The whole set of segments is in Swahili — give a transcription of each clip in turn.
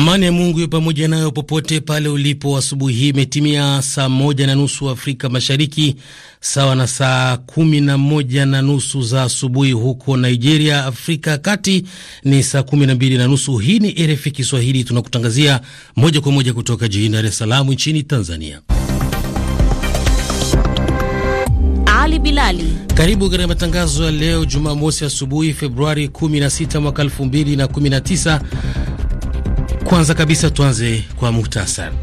Amani ya Mungu iwe pamoja nayo popote pale ulipo. Asubuhi hii imetimia saa moja na nusu Afrika Mashariki, sawa na saa kumi na moja na nusu za asubuhi huko Nigeria. Afrika ya Kati ni saa kumi na mbili na nusu. Hii ni RFI Kiswahili, tunakutangazia moja kwa moja kutoka jijini Dar es Salaam nchini Tanzania. Ali Bilali, karibu katika matangazo ya leo Jumamosi asubuhi, Februari 16 mwaka 2019 kwanza kabisa tuanze kwa muhtasari.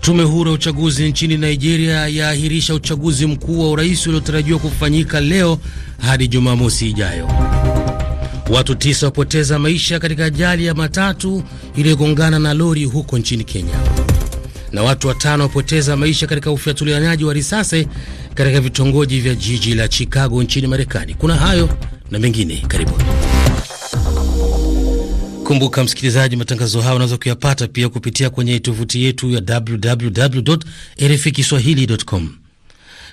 Tume huru ya uchaguzi nchini Nigeria yaahirisha uchaguzi mkuu wa urais uliotarajiwa kufanyika leo hadi Jumamosi ijayo. Watu tisa wapoteza maisha katika ajali ya matatu iliyogongana na lori huko nchini Kenya, na watu watano wapoteza maisha katika ufyatulianaji wa risasi katika vitongoji vya jiji la Chicago nchini Marekani. Kuna hayo na mengine, karibuni. Kumbuka msikilizaji, matangazo haya unaweza kuyapata pia kupitia kwenye tovuti yetu ya www.rfikiswahili.com.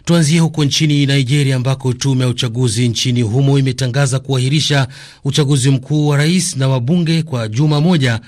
Tuanzie huko nchini Nigeria ambako tume ya uchaguzi nchini humo imetangaza kuahirisha uchaguzi mkuu wa rais na wabunge kwa juma moja,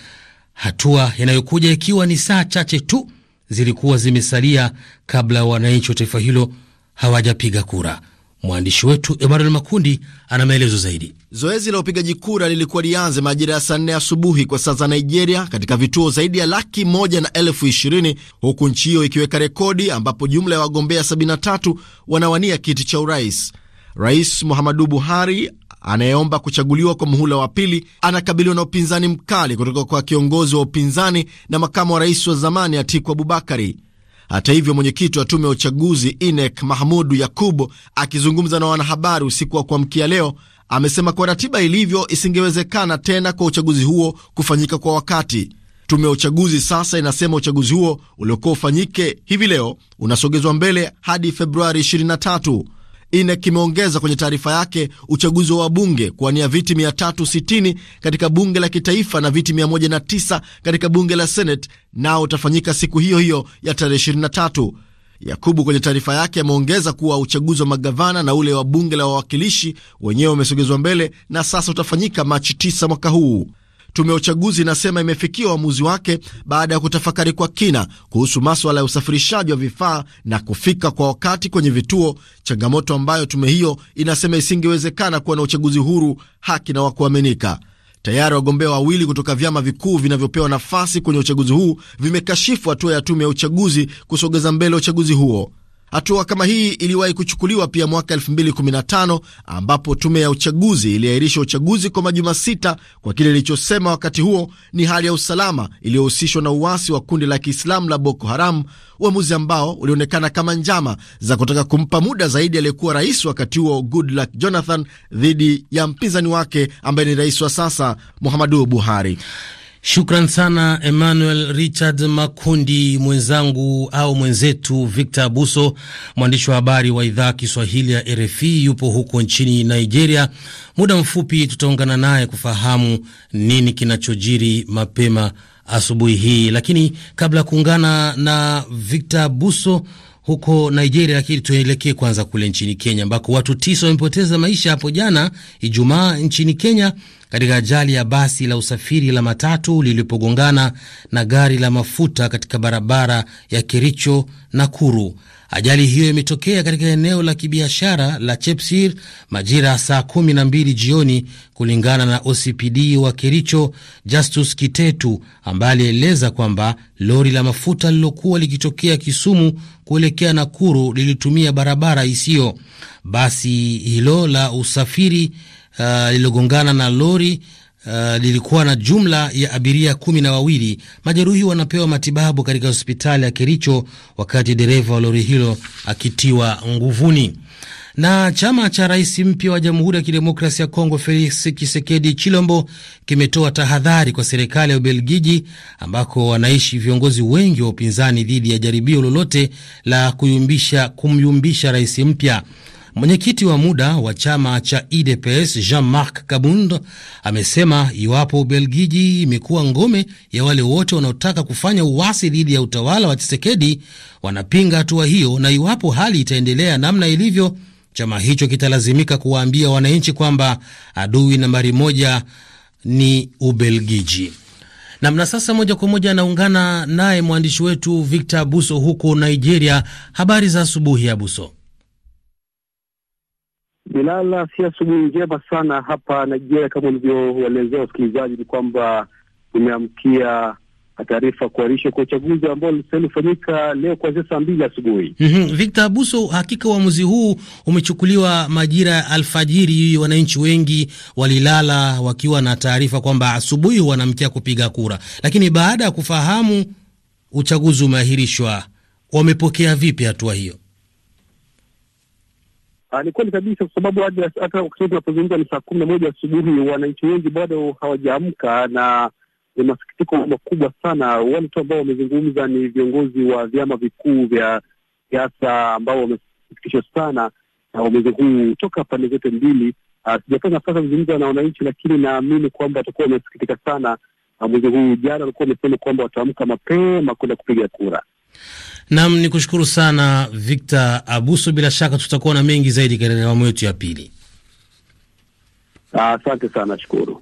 hatua inayokuja ikiwa ni saa chache tu zilikuwa zimesalia kabla wananchi wa taifa hilo hawajapiga kura. Mwandishi wetu Emmanuel Makundi ana maelezo zaidi. Zoezi la upigaji kura lilikuwa lianze majira ya saa nne asubuhi kwa saa za Nigeria, katika vituo zaidi ya laki moja na elfu ishirini huku nchi hiyo ikiweka rekodi ambapo jumla ya wagombea 73 wanawania kiti cha urais. Rais Muhammadu Buhari anayeomba kuchaguliwa kwa muhula wa pili anakabiliwa na upinzani mkali kutoka kwa kiongozi wa upinzani na makamu wa rais wa zamani Atiku Abubakari. Hata hivyo, mwenyekiti wa tume ya uchaguzi INEC Mahmudu Yakubu akizungumza na wanahabari usiku wa kuamkia leo amesema kwa ratiba ilivyo isingewezekana tena kwa uchaguzi huo kufanyika kwa wakati. Tume ya uchaguzi sasa inasema uchaguzi huo uliokuwa ufanyike hivi leo unasogezwa mbele hadi Februari 23. INE kimeongeza kwenye taarifa yake uchaguzi wa wabunge kuwania viti 360 katika bunge la kitaifa na viti 109 katika bunge la Senate nao utafanyika siku hiyo hiyo ya tarehe 23. Yakubu kwenye taarifa yake ameongeza kuwa uchaguzi wa magavana na ule wa bunge la wawakilishi wenyewe umesogezwa mbele na sasa utafanyika Machi 9 mwaka huu. Tume ya uchaguzi inasema imefikia uamuzi wake baada ya kutafakari kwa kina kuhusu maswala ya usafirishaji wa vifaa na kufika kwa wakati kwenye vituo, changamoto ambayo tume hiyo inasema isingewezekana kuwa na uchaguzi huru, haki na wa kuaminika. Tayari wagombea wawili kutoka vyama vikuu vinavyopewa nafasi kwenye uchaguzi huu vimekashifu hatua ya tume ya uchaguzi kusogeza mbele uchaguzi huo. Hatua kama hii iliwahi kuchukuliwa pia mwaka 2015 ambapo tume ya uchaguzi iliahirisha uchaguzi kwa majuma sita kwa kile ilichosema wakati huo ni hali ya usalama iliyohusishwa na uasi wa kundi la Kiislamu la Boko Haram, uamuzi ambao ulionekana kama njama za kutaka kumpa muda zaidi aliyekuwa rais wakati huo Goodluck Jonathan dhidi ya mpinzani wake ambaye ni rais wa sasa Muhammadu Buhari. Shukran sana Emmanuel Richard Makundi, mwenzangu au mwenzetu Victor Abuso, mwandishi wa habari wa idhaa Kiswahili ya RFI yupo huko nchini Nigeria. Muda mfupi tutaungana naye kufahamu nini kinachojiri mapema asubuhi hii, lakini kabla ya kuungana na Victor Abuso huko Nigeria, lakini tuelekee kwanza kule nchini Kenya ambako watu tisa wamepoteza maisha hapo jana Ijumaa nchini Kenya katika ajali ya basi la usafiri la matatu lilipogongana na gari la mafuta katika barabara ya Kericho Nakuru. Ajali hiyo imetokea katika eneo la kibiashara la Chepsir majira ya saa kumi na mbili jioni, kulingana na OCPD wa Kericho Justus Kitetu, ambaye alieleza kwamba lori la mafuta lililokuwa likitokea Kisumu kuelekea Nakuru lilitumia barabara isiyo. Basi hilo la usafiri lililogongana uh, na lori uh, lilikuwa na jumla ya abiria kumi na wawili. Majeruhi wanapewa matibabu katika hospitali ya Kericho, wakati dereva wa lori hilo akitiwa nguvuni. Na chama cha rais mpya wa Jamhuri ya Kidemokrasi ya Kongo Felix chisekedi Chilombo kimetoa tahadhari kwa serikali ya Ubelgiji ambako wanaishi viongozi wengi wa upinzani dhidi ya jaribio lolote la kuyumbisha, kumyumbisha rais mpya. Mwenyekiti wa muda wa chama cha UDPS Jean-Marc Kabund amesema iwapo Ubelgiji imekuwa ngome ya wale wote wanaotaka kufanya uasi dhidi ya utawala wa chisekedi wanapinga hatua hiyo, na iwapo hali itaendelea namna ilivyo Chama hicho kitalazimika kuwaambia wananchi kwamba adui nambari moja ni Ubelgiji. Namna sasa, moja kwa moja anaungana naye mwandishi wetu Victor Abuso huko Nigeria. Habari za asubuhi, Abuso. Bilala, si asubuhi njema sana hapa Nigeria. Kama ulivyoelezea wasikilizaji, ni kwamba imeamkia taarifa kuahirishwa kwa uchaguzi ambao ulistahili kufanyika leo kuanzia saa mbili asubuhi. mm -hmm. Victor Abuso, hakika uamuzi huu umechukuliwa majira ya alfajiri. Wananchi wengi walilala wakiwa na taarifa kwamba asubuhi wanamkia kupiga kura, lakini baada ya kufahamu uchaguzi umeahirishwa, wamepokea vipi hatua hiyo? Ah, ni kweli kabisa, kwa sababu hata wakati tunapozungumza ni saa kumi na moja asubuhi, wananchi wengi bado hawajaamka na ni masikitiko makubwa sana. Wale tu ambao wamezungumza ni viongozi wa vyama vikuu vya siasa ambao wamesikitishwa sana na uamuzi huu toka pande zote mbili. Ah, sijafanya nafasi sasa kuzungumza na wananchi, lakini naamini kwamba watakuwa wamesikitika sana uamuzi huu. Jana walikuwa wamesema kwamba wataamka mapema kwenda kupiga kura. Nam ni kushukuru sana Victor Abuso, bila shaka tutakuwa na mengi zaidi katika awamu yetu ya pili. Ah, asante sana, shukuru.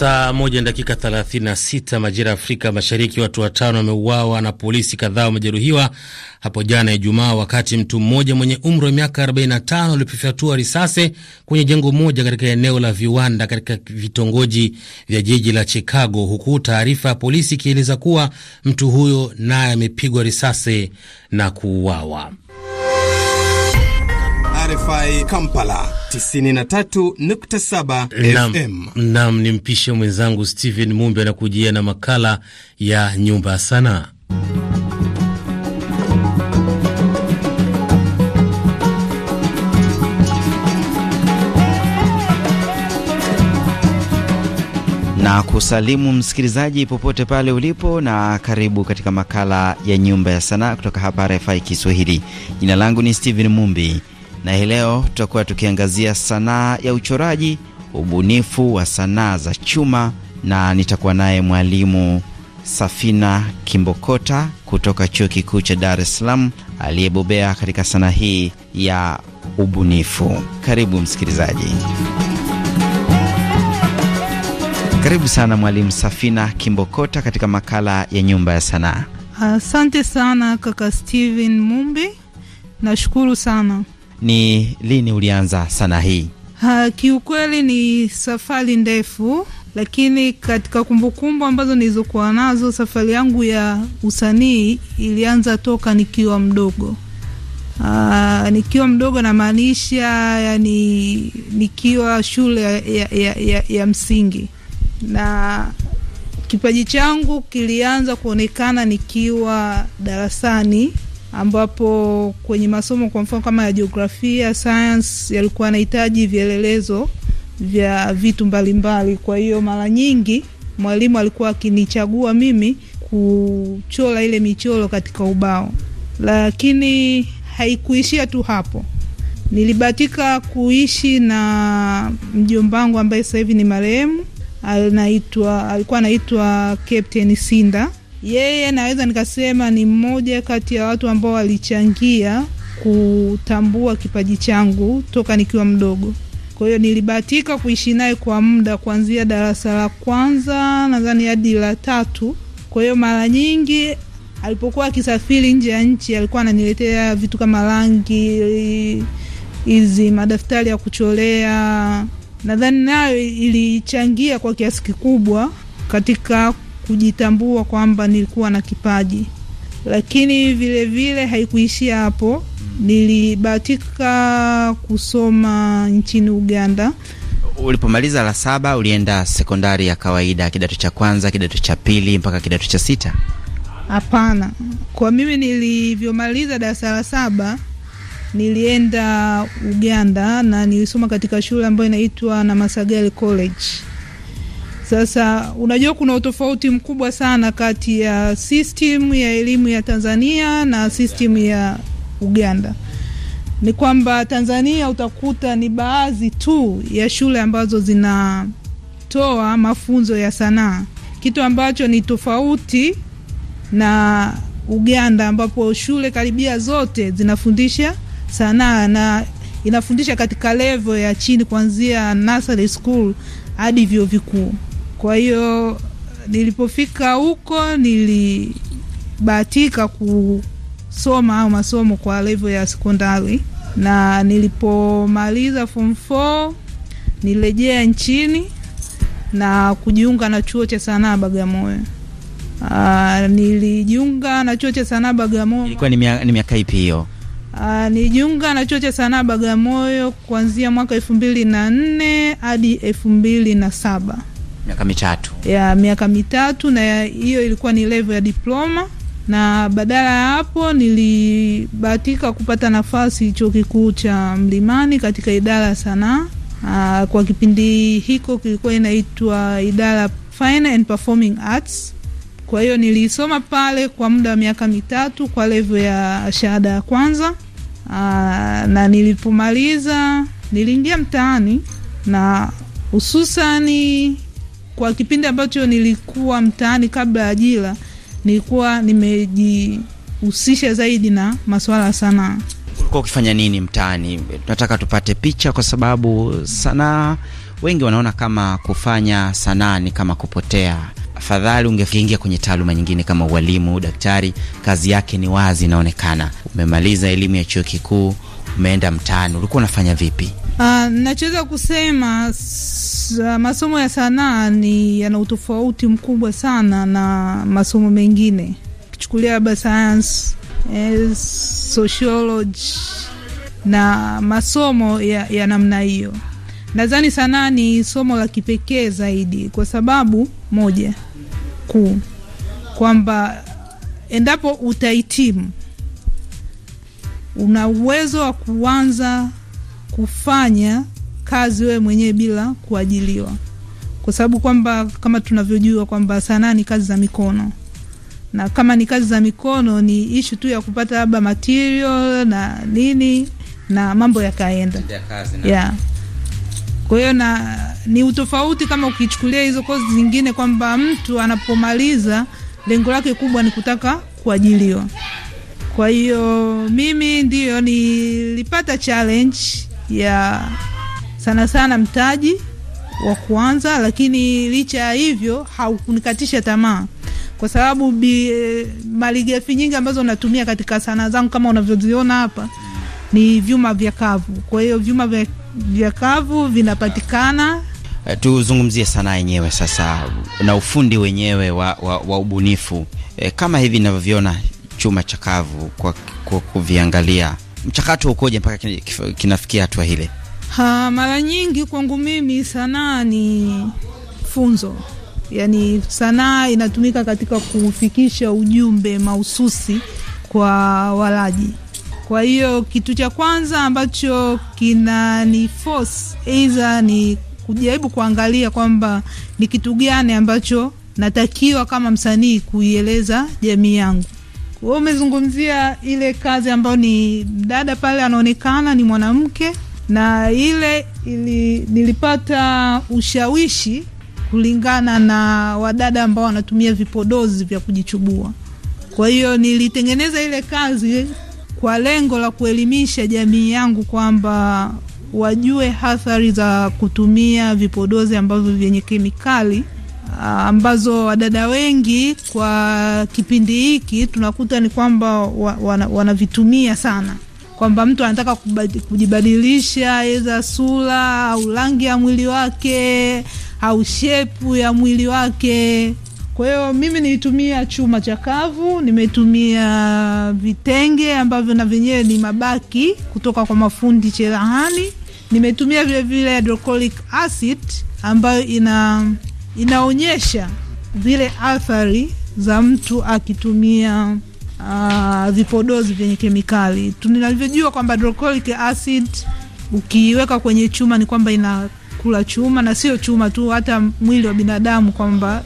Saa moja na dakika 36 majira ya Afrika Mashariki. Watu watano wameuawa na polisi kadhaa wamejeruhiwa hapo jana Ijumaa, wakati mtu mmoja mwenye umri wa miaka 45 alipofyatua risasi kwenye jengo moja katika eneo la viwanda katika vitongoji vya jiji la Chicago, huku taarifa ya polisi ikieleza kuwa mtu huyo naye amepigwa risasi na kuuawa. RFI Kampala 93.7 FM. Naam, ni mpishe mwenzangu Steven Mumbi anakujia na makala ya nyumba ya sanaa. na kusalimu msikilizaji popote pale ulipo, na karibu katika makala ya nyumba ya sanaa kutoka hapa RFI Kiswahili. Jina langu ni Steven Mumbi, na hii leo tutakuwa tukiangazia sanaa ya uchoraji, ubunifu wa sanaa za chuma, na nitakuwa naye mwalimu Safina Kimbokota kutoka Chuo Kikuu cha Dar es Salaam aliyebobea katika sanaa hii ya ubunifu. Karibu msikilizaji. Karibu sana mwalimu Safina Kimbokota katika makala ya Nyumba ya Sanaa. Asante sana kaka Steven Mumbi, nashukuru sana ni lini ulianza sanaa hii? Ha, kiukweli ni safari ndefu, lakini katika kumbukumbu ambazo nilizokuwa nazo, safari yangu ya usanii ilianza toka nikiwa mdogo. Aa, nikiwa mdogo namaanisha yani nikiwa shule ya, ya, ya, ya msingi, na kipaji changu kilianza kuonekana nikiwa darasani ambapo kwenye masomo kwa mfano kama ya jiografia, science yalikuwa yanahitaji vielelezo vya vitu mbalimbali mbali. Kwa hiyo mara nyingi mwalimu alikuwa akinichagua mimi kuchora ile michoro katika ubao, lakini haikuishia tu hapo. Nilibahatika kuishi na mjombangu ambaye sasa hivi ni marehemu, anaitwa alikuwa anaitwa Captain Sinda yeye naweza nikasema ni mmoja kati ya watu ambao walichangia kutambua kipaji changu toka nikiwa mdogo. Kwa hiyo nilibahatika kuishi naye kwa muda kuanzia darasa la kwanza nadhani hadi la tatu. Kwa hiyo mara nyingi alipokuwa akisafiri nje ya nchi alikuwa ananiletea vitu kama rangi hizi, madaftari ya kuchorea. Nadhani nayo ilichangia kwa kiasi kikubwa katika kujitambua kwamba nilikuwa na kipaji, lakini vile vile haikuishia hapo. Hmm. Nilibahatika kusoma nchini Uganda. Ulipomaliza la saba ulienda sekondari ya kawaida, kidato cha kwanza, kidato cha pili mpaka kidato cha sita? Hapana, kwa mimi nilivyomaliza darasa la saba nilienda Uganda na nilisoma katika shule ambayo inaitwa Namasagali College. Sasa unajua kuna utofauti mkubwa sana kati ya system ya elimu ya Tanzania na system ya Uganda. Ni kwamba Tanzania utakuta ni baadhi tu ya shule ambazo zinatoa mafunzo ya sanaa, kitu ambacho ni tofauti na Uganda ambapo shule karibia zote zinafundisha sanaa na inafundisha katika level ya chini kuanzia nursery school hadi vyuo vikuu. Kwa hiyo nilipofika huko nilibahatika kusoma au masomo kwa levo ya sekondari, na nilipomaliza form f nilirejea nchini na kujiunga na chuo cha sanaa Bagamoyo. Uh, nilijiunga na chuo cha sanaa Bagamoyo. Ilikuwa ni miaka ipi hiyo? Uh, nilijiunga na chuo cha sanaa Bagamoyo kuanzia mwaka elfu mbili na nne hadi elfu mbili na saba miaka mitatu ya miaka mitatu, na hiyo ilikuwa ni level ya diploma, na badala ya hapo nilibahatika kupata nafasi chuo kikuu cha Mlimani katika idara ya sanaa. Ah, kwa kipindi hiko kilikuwa inaitwa idara Fine and Performing Arts. Kwa hiyo nilisoma pale kwa muda wa miaka mitatu kwa levo ya shahada ya kwanza. Aa, ah, na nilipomaliza niliingia mtaani na hususani kwa kipindi ambacho nilikuwa mtaani kabla ya ajira, nilikuwa nimejihusisha zaidi na masuala ya sanaa. Ulikuwa ukifanya nini mtaani? Tunataka tupate picha, kwa sababu sanaa, wengi wanaona kama kufanya sanaa ni kama kupotea. Afadhali ungeingia kwenye taaluma nyingine kama ualimu, daktari. Kazi yake ni wazi, inaonekana. Umemaliza elimu ya chuo kikuu, umeenda mtaani, ulikuwa unafanya vipi? Uh, nachoweza kusema Uh, masomo ya sanaa ni yana utofauti mkubwa sana na masomo mengine, kichukulia labda science, eh, sociology na masomo ya, ya namna hiyo. Nadhani sanaa ni somo la kipekee zaidi kwa sababu moja kuu kwamba endapo utahitimu una uwezo wa kuanza kufanya kazi wewe mwenyewe bila kuajiliwa, kwa sababu kwamba kama tunavyojua kwamba sanaa ni kazi za mikono na kama ni kazi za mikono ni ishu tu ya kupata labda material na nini na mambo yakaenda yeah. Kwa hiyo na ni utofauti kama ukichukulia hizo kozi zingine kwamba mtu anapomaliza lengo lake kubwa ni kutaka kuajiliwa. Kwa hiyo mimi ndiyo nilipata challenge ya sana sana mtaji wa kuanza, lakini licha ya hivyo haukunikatisha tamaa kwa sababu bi, eh, malighafi nyingi ambazo natumia katika sanaa zangu kama unavyoziona hapa ni vyuma vya kavu. Kwa hiyo vyuma vya, vya kavu vinapatikana. Eh, tuzungumzie sanaa yenyewe sasa na ufundi wenyewe wa, wa, wa ubunifu e, kama hivi ninavyoviona chuma cha kwa, kwa kuviangalia mchakato ukoje mpaka kinafikia hatua hile? Ha, mara nyingi kwangu mimi sanaa ni funzo, yaani sanaa inatumika katika kufikisha ujumbe mahususi kwa walaji. Kwa hiyo kitu cha kwanza ambacho kina ni force aidha ni kujaribu kuangalia kwamba ni kitu gani ambacho natakiwa kama msanii kuieleza jamii yangu. hiyo umezungumzia ile kazi ambayo ni dada pale, anaonekana ni mwanamke na ile ili, nilipata ushawishi kulingana na wadada ambao wanatumia vipodozi vya kujichubua. Kwa hiyo nilitengeneza ile kazi kwa lengo la kuelimisha jamii yangu kwamba wajue hathari za kutumia vipodozi ambavyo vyenye kemikali ambazo wadada wengi kwa kipindi hiki tunakuta ni kwamba wanavitumia wana, sana kwamba mtu anataka kujibadilisha eza sura au rangi ya mwili wake au shepu ya mwili wake. Kwa hiyo mimi nilitumia chuma chakavu, nimetumia vitenge ambavyo na vyenyewe ni mabaki kutoka kwa mafundi cherehani. Nimetumia vilevile hydrochloric acid ambayo ina inaonyesha zile athari za mtu akitumia uh, vipodozi vyenye kemikali. Tunalivyojua kwamba hydrochloric acid ukiweka kwenye chuma ni kwamba inakula chuma na sio chuma tu, hata mwili wa binadamu kwamba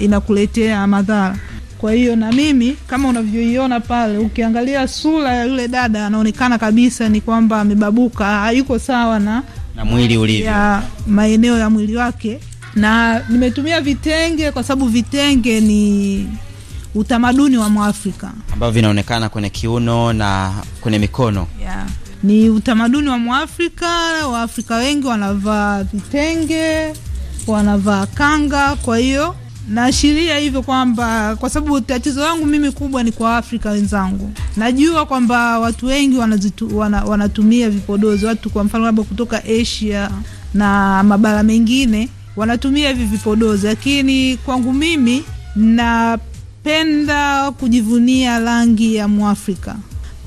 inakuletea ina, ina madhara. Kwa hiyo na mimi kama unavyoiona pale, ukiangalia sura ya yule dada anaonekana kabisa ni kwamba amebabuka, hayuko sawa na, na mwili ulivyo ya maeneo ya mwili wake, na nimetumia vitenge kwa sababu vitenge ni utamaduni wa Mwafrika ambavyo vinaonekana kwenye kiuno na kwenye mikono yeah. Ni utamaduni wa Mwafrika. Waafrika wengi wanavaa vitenge, wanavaa kanga, kwa hiyo naashiria hivyo kwamba kwa sababu tatizo langu mimi kubwa ni kwa Waafrika wenzangu. Najua kwamba watu wengi wanazitu, wana, wanatumia vipodozi watu, kwa mfano labda kutoka Asia na mabara mengine wanatumia hivi vipodozi, lakini kwangu mimi na napenda kujivunia rangi ya Mwafrika,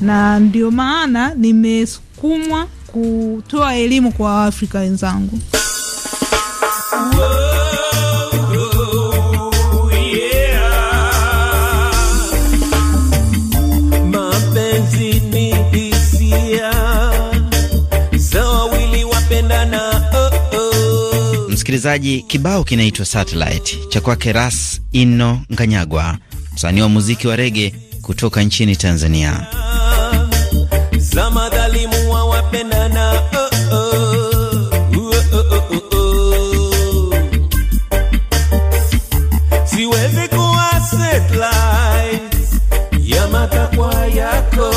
na ndio maana nimesukumwa kutoa elimu kwa Waafrika wenzangu. Msikilizaji, kibao kinaitwa Satellite cha kwake Ras Ino Nganyagwa, msanii wa muziki wa rege kutoka nchini Tanzania. Oh, oh, oh, Siwezi kuwa satellite ya matakwa yako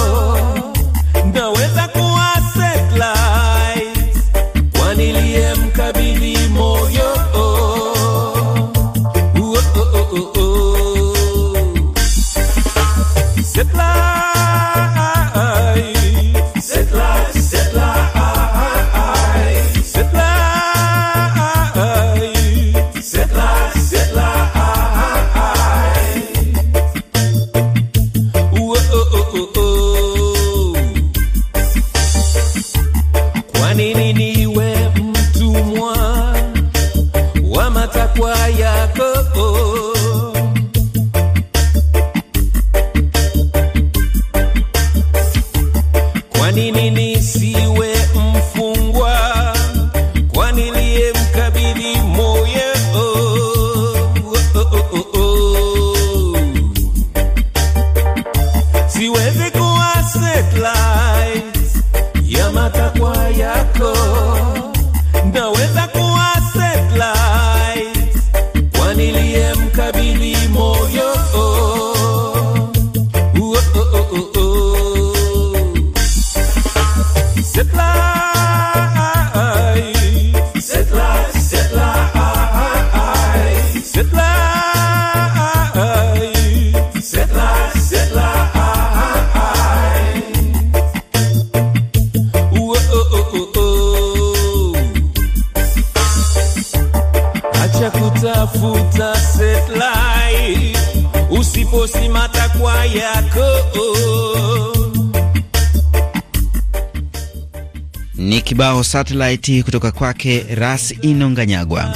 கணினி kibao satellite kutoka kwake Ras Inonganyagwa.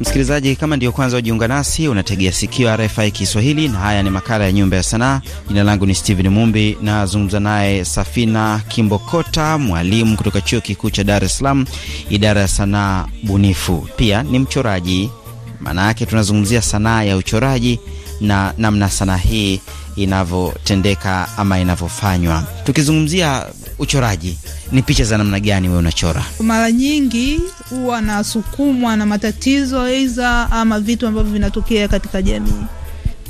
Msikilizaji, kama ndiyo kwanza ujiunga nasi, unategea sikio RFI Kiswahili na haya ni makala ya Nyumba ya Sanaa. Jina langu ni Steven Mumbi, nazungumza naye Safina Kimbokota, mwalimu kutoka Chuo Kikuu cha Dar es Salaam, idara ya sanaa bunifu, pia ni mchoraji maana yake tunazungumzia sanaa ya uchoraji na namna sanaa hii inavyotendeka ama inavyofanywa. Tukizungumzia uchoraji, ni picha za namna gani wewe unachora? Mara nyingi huwa nasukumwa na matatizo aidha ama vitu ambavyo vinatokea katika jamii.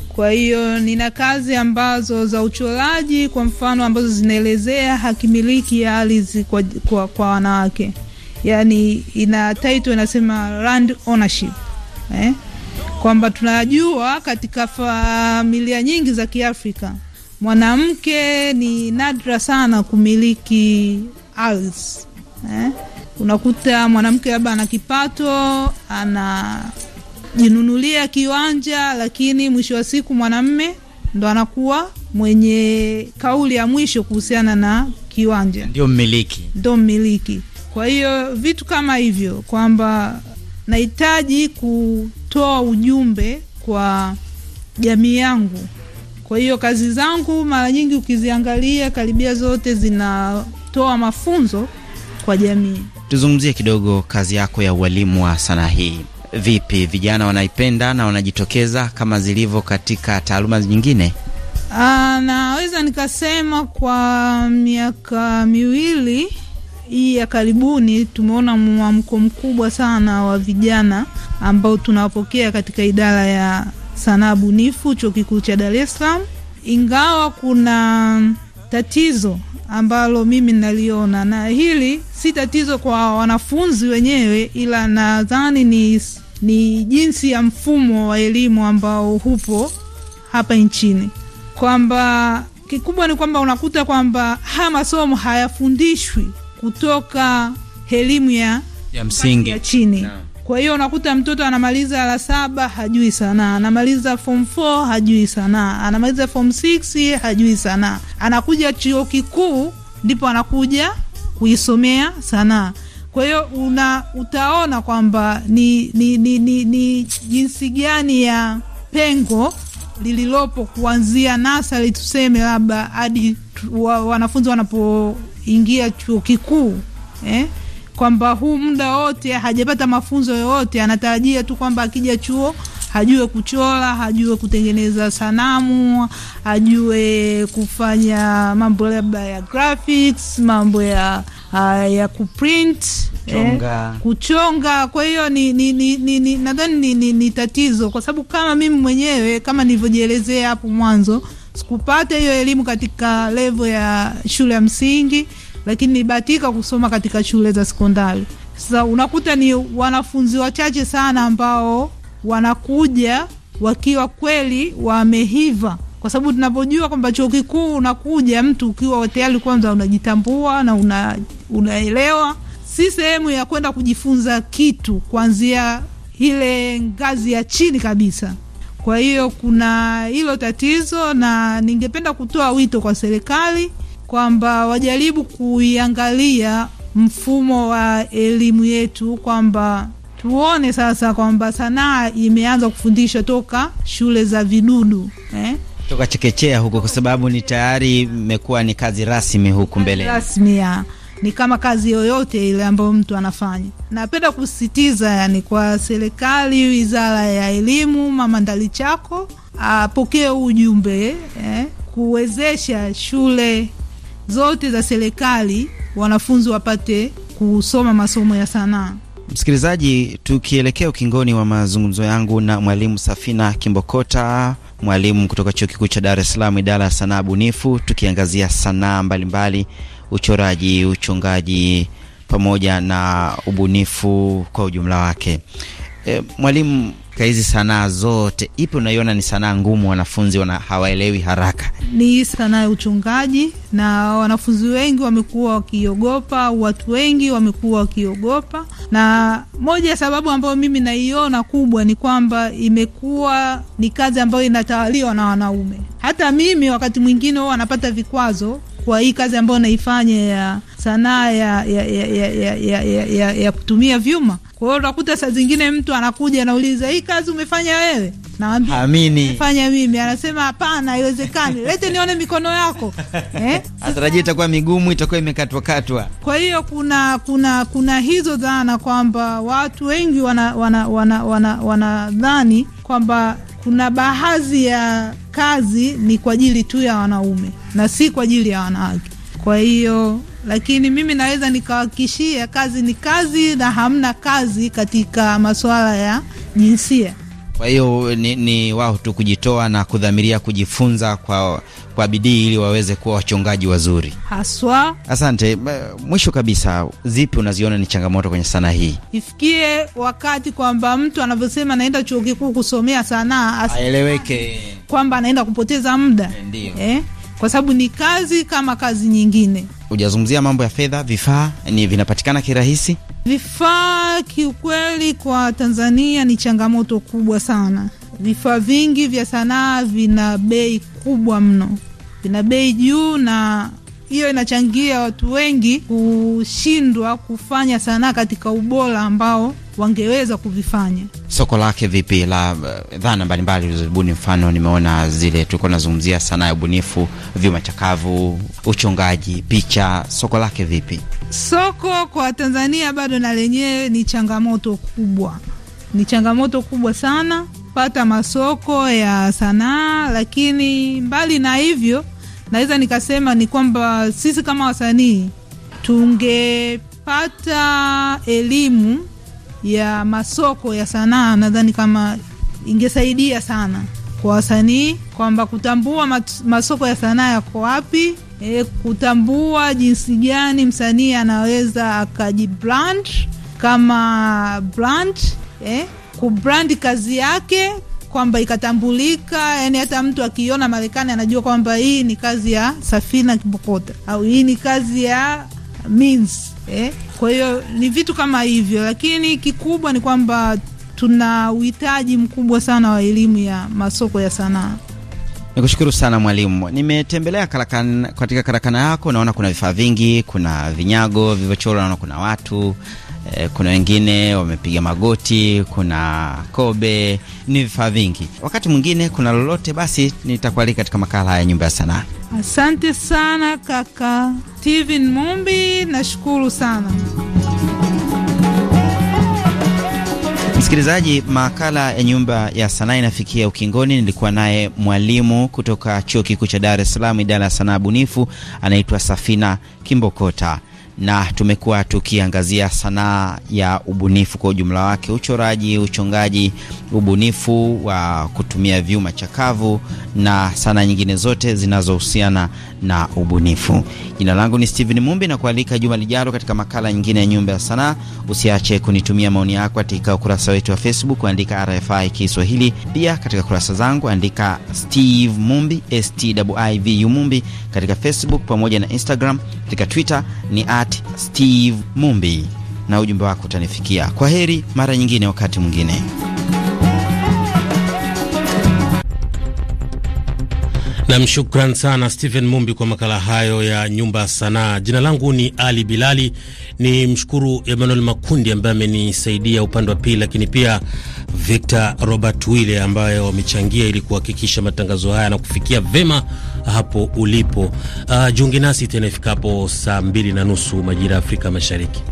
Kwa hiyo nina kazi ambazo za uchoraji, kwa mfano, ambazo zinaelezea hakimiliki ya ardhi kwa, kwa, kwa wanawake, yaani ina title inasema land ownership eh? kwamba tunajua katika familia nyingi za Kiafrika mwanamke ni nadra sana kumiliki ardhi eh? Unakuta mwanamke labda ana kipato anajinunulia kiwanja, lakini mwisho wa siku mwanamme ndo anakuwa mwenye kauli ya mwisho kuhusiana na kiwanja, ndio mmiliki, ndio mmiliki. Kwa hiyo vitu kama hivyo kwamba nahitaji kutoa ujumbe kwa jamii yangu. Kwa hiyo kazi zangu mara nyingi ukiziangalia, karibia zote zinatoa mafunzo kwa jamii. Tuzungumzie kidogo kazi yako ya ualimu wa sanaa hii. Vipi, vijana wanaipenda na wanajitokeza kama zilivyo katika taaluma nyingine? Aa, ah, naweza nikasema kwa miaka miwili hii ya karibuni tumeona mwamko mkubwa sana wa vijana ambao tunawapokea katika idara ya sanaa bunifu chuo kikuu cha Dar es Salaam, ingawa kuna tatizo ambalo mimi naliona, na hili si tatizo kwa wanafunzi wenyewe, ila nadhani ni, ni jinsi ya mfumo wa elimu ambao hupo hapa nchini, kwamba kikubwa ni kwamba unakuta kwamba haya masomo hayafundishwi kutoka elimu ya, ya msingi ya chini no. Kwa hiyo unakuta mtoto anamaliza la saba hajui sanaa, anamaliza form 4 hajui sanaa, anamaliza form 6 hajui sanaa, anakuja chuo kikuu ndipo anakuja kuisomea sanaa. Kwa hiyo una utaona kwamba ni, ni, ni, ni, ni jinsi gani ya pengo lililopo kuanzia nasari tuseme labda hadi wanafunzi wanapo ingia chuo kikuu eh? kwamba huu muda wote hajapata mafunzo yoyote, anatarajia tu kwamba akija chuo hajue kuchora, hajue kutengeneza sanamu, hajue kufanya mambo labda ya graphics, mambo ya uh, ya kuprint eh? kuchonga, eh, kuchonga. Kwa hiyo ni, ni, ni, ni, ni, nadhani ni, ni, ni tatizo kwa sababu kama mimi mwenyewe kama nilivyojielezea hapo mwanzo Sikupata hiyo elimu katika levo ya shule ya msingi, lakini nibatika kusoma katika shule za sekondari. Sasa unakuta ni wanafunzi wachache sana ambao wanakuja wakiwa kweli wamehiva kwa sababu tunapojua kwamba chuo kikuu unakuja mtu ukiwa tayari kwanza unajitambua na una, unaelewa si sehemu ya kwenda kujifunza kitu kuanzia ile ngazi ya chini kabisa. Kwa hiyo kuna hilo tatizo, na ningependa kutoa wito kwa serikali kwamba wajaribu kuiangalia mfumo wa elimu yetu, kwamba tuone sasa kwamba sanaa imeanza kufundishwa toka shule za vidudu eh? toka chekechea huko, kwa sababu ni tayari imekuwa ni kazi rasmi huku mbele rasmi ya ni kama kazi yoyote ile ambayo mtu anafanya. Napenda kusisitiza yani, kwa serikali, wizara ya elimu, mama Ndalichako apokee ujumbe eh, kuwezesha shule zote za serikali wanafunzi wapate kusoma masomo ya sanaa. Msikilizaji, tukielekea ukingoni wa mazungumzo yangu na mwalimu Safina Kimbokota, mwalimu kutoka chuo kikuu cha Dar es Salaam, idara ya sanaa bunifu, tukiangazia sanaa mbalimbali uchoraji, uchungaji pamoja na ubunifu kwa ujumla wake. E, mwalimu, katika hizi sanaa zote ipi unaiona ni sanaa ngumu, wanafunzi wana hawaelewi haraka? Ni sanaa ya uchungaji na wanafunzi wengi wamekuwa wakiogopa, watu wengi wamekuwa wakiogopa, na moja ya sababu ambayo mimi naiona kubwa ni kwamba imekuwa ni kazi ambayo inatawaliwa na wanaume. Hata mimi wakati mwingine wao wanapata vikwazo kwa hii kazi ambayo naifanya ya sanaa ya, ya, ya, ya, ya, ya, ya, ya kutumia vyuma. Kwa hiyo unakuta saa zingine mtu anakuja anauliza, hii kazi umefanya wewe? Naambia mimi. Anasema hapana, haiwezekani, lete nione mikono yako eh? Atarajia itakuwa migumu, itakuwa imekatwakatwa. Kwa hiyo kuna kuna kuna hizo dhana kwamba watu wengi wanadhani wana, wana, wana, wana kwamba kuna baadhi ya kazi ni kwa ajili tu ya wanaume na si kwa ajili ya wanawake. Kwa hiyo lakini mimi naweza nikawakishia kazi ni kazi na hamna kazi katika masuala ya jinsia. Kwa hiyo ni, ni wao tu kujitoa na kudhamiria kujifunza kwa kwa bidii ili waweze kuwa wachongaji wazuri haswa. Asante. Mwisho kabisa, zipi unaziona ni changamoto kwenye sanaa hii? Ifikie wakati kwamba mtu anavyosema anaenda chuo kikuu kusomea sanaa aeleweke kwamba anaenda kupoteza muda eh, eh, kwa sababu ni kazi kama kazi nyingine. ujazungumzia mambo ya fedha, vifaa ni vinapatikana kirahisi? Vifaa kiukweli, kwa Tanzania ni changamoto kubwa sana vifaa vingi vya sanaa vina bei kubwa mno, vina bei juu, na hiyo inachangia watu wengi kushindwa kufanya sanaa katika ubora ambao wangeweza kuvifanya. Soko lake vipi la eh, dhana mbalimbali ulizozibuni? Mfano, nimeona zile tulikuwa tunazungumzia sanaa ya ubunifu, vyuma chakavu, uchongaji, picha, soko lake vipi? Soko kwa Tanzania bado na lenyewe ni changamoto kubwa, ni changamoto kubwa sana kupata masoko ya sanaa, lakini mbali na hivyo, naweza nikasema ni kwamba sisi kama wasanii tungepata elimu ya masoko ya sanaa, nadhani kama ingesaidia sana kwa wasanii kwamba kutambua masoko ya sanaa yako wapi, e, kutambua jinsi gani msanii anaweza akajibrand kama brand eh, kubrandi kazi yake kwamba ikatambulika, yani hata mtu akiona Marekani anajua kwamba hii ni kazi ya Safina Kibokota au hii ni kazi ya Means, eh? Kwa hiyo ni vitu kama hivyo, lakini kikubwa ni kwamba tuna uhitaji mkubwa sana wa elimu ya masoko ya sanaa. Nikushukuru sana mwalimu. Nimetembelea katika karakana yako, naona kuna vifaa vingi, kuna vinyago vilivyochorwa, naona kuna watu Eh, kuna wengine wamepiga magoti, kuna kobe, ni vifaa vingi. Wakati mwingine kuna lolote, basi nitakualika katika makala ya Nyumba ya Sanaa. Asante sana kaka Steven Mumbi, nashukuru sana. Msikilizaji, makala ya Nyumba ya Sanaa inafikia ukingoni. Nilikuwa naye mwalimu kutoka Chuo Kikuu cha Dar es Salaam, idara ya sanaa bunifu, anaitwa Safina Kimbokota na tumekuwa tukiangazia sanaa ya ubunifu kwa ujumla wake, uchoraji, uchongaji, ubunifu wa kutumia vyuma chakavu na sanaa nyingine zote zinazohusiana na ubunifu. Jina langu ni Steven Mumbi na kualika juma lijalo katika makala nyingine ya Nyumba ya Sanaa. Usiache kunitumia maoni yako katika ukurasa wetu wa Facebook, andika RFI Kiswahili. Pia katika kurasa zangu andika Steve Mumbi, Stivu Mumbi katika Facebook pamoja na Instagram. Katika Twitter ni at kati Steve Mumbi, na ujumbe wako utanifikia. Kwa heri, mara nyingine, wakati mwingine. Nam, shukran sana Stephen Mumbi kwa makala hayo ya nyumba sanaa. Jina langu ni Ali Bilali. Ni mshukuru Emmanuel Makundi ambaye amenisaidia upande wa pili, lakini pia Victor Robert Wile ambaye wamechangia ili kuhakikisha matangazo haya na kufikia vema hapo ulipo. Uh, jiunge nasi tena ifikapo saa mbili na nusu majira ya Afrika Mashariki.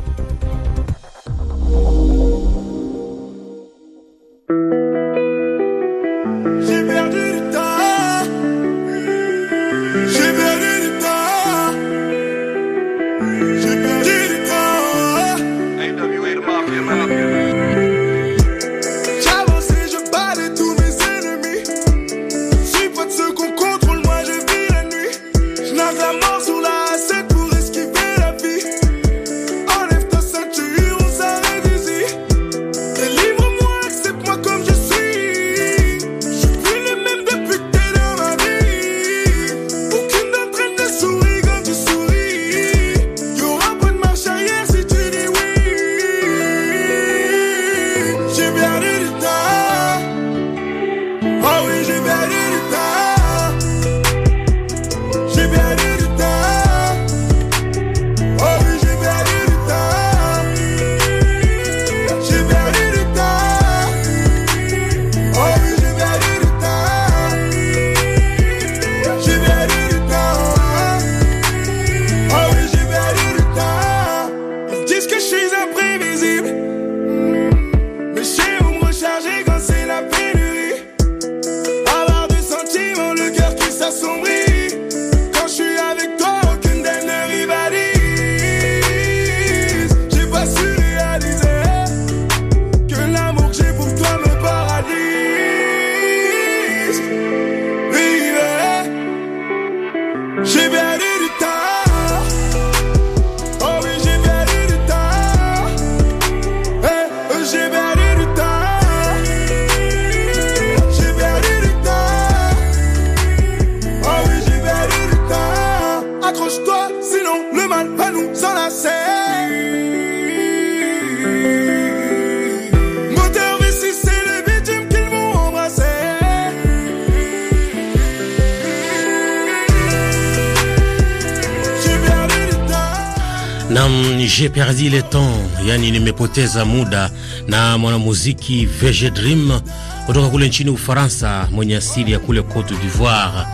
Nam, j'ai perdu le temps, yani nimepoteza muda, na mwanamuziki VG Dream kutoka kule nchini Ufaransa mwenye asili ya kule Cote d'Ivoire.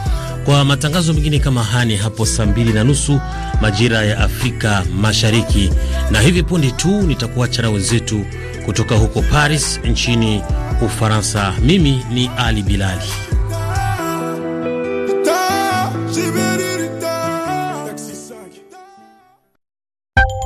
Kwa matangazo mengine kama hani hapo saa mbili na nusu majira ya Afrika Mashariki, na hivi punde tu nitakuacha na wenzetu kutoka huko Paris nchini Ufaransa. Mimi ni Ali Bilali.